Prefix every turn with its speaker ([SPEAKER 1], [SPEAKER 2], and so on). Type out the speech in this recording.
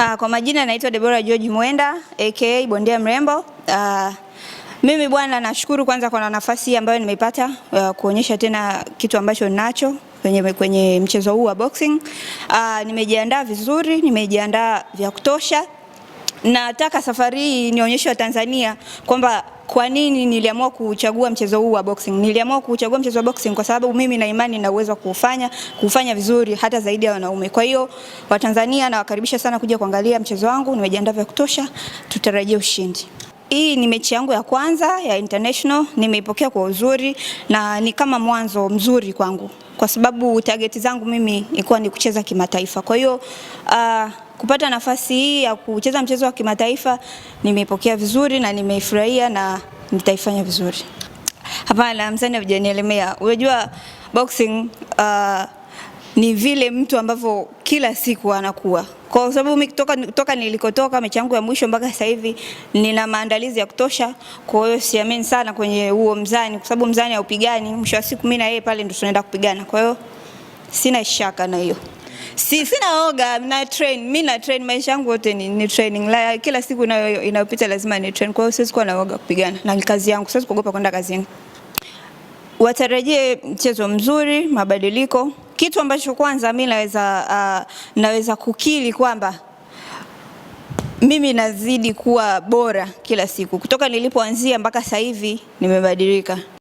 [SPEAKER 1] Uh, kwa majina naitwa Debora George Mwenda aka Bondia Mrembo. Uh, mimi bwana, nashukuru kwanza kwa nafasi ambayo nimeipata uh, kuonyesha tena kitu ambacho ninacho kwenye, kwenye mchezo huu wa boxing. Uh, nimejiandaa vizuri, nimejiandaa vya kutosha Nataka safari hii nionyeshe Watanzania kwamba kwa nini niliamua kuchagua mchezo huu wa boxing. Niliamua kuchagua mchezo wa boxing kwa sababu mimi na imani na uwezo wa kufanya kufanya vizuri hata zaidi ya wanaume. Kwa hiyo Watanzania nawakaribisha sana kuja kuangalia mchezo wangu, nimejiandaa vya kutosha, tutarajia ushindi. Hii ni mechi yangu ya kwanza ya international, nimeipokea kwa uzuri na ni kama mwanzo mzuri kwangu, kwa sababu target zangu mimi ilikuwa ni kucheza kimataifa. Kwa hiyo uh, kupata nafasi hii ya kucheza mchezo wa kimataifa nimeipokea vizuri na nimeifurahia na nitaifanya vizuri. Hapana, msanii hujanielemea. Unajua boxing uh, ni vile mtu ambavyo kila siku anakuwa kwa sababu mimi kutoka, kutoka nilikotoka mechi yangu ya mwisho mpaka sasa hivi nina maandalizi ya kutosha. Kwa hiyo siamini sana kwenye huo mzani, kwa sababu mzani haupigani. Mwisho wa siku mimi na yeye pale ndo tunaenda kupigana, kwa hiyo sina shaka na hiyo. Si sinaoga na train. Mimi na train maisha yangu yote ni, ni training. La, kila siku inayopita lazima ni train. Kwa hiyo siwezi kuwa naoga kupigana na kazi yangu. Siwezi kuogopa kwenda kazini. Watarajie mchezo mzuri, mabadiliko. Kitu ambacho kwanza mimi naweza uh, naweza kukili kwamba mimi nazidi kuwa bora kila siku. Kutoka nilipoanzia mpaka sasa hivi nimebadilika.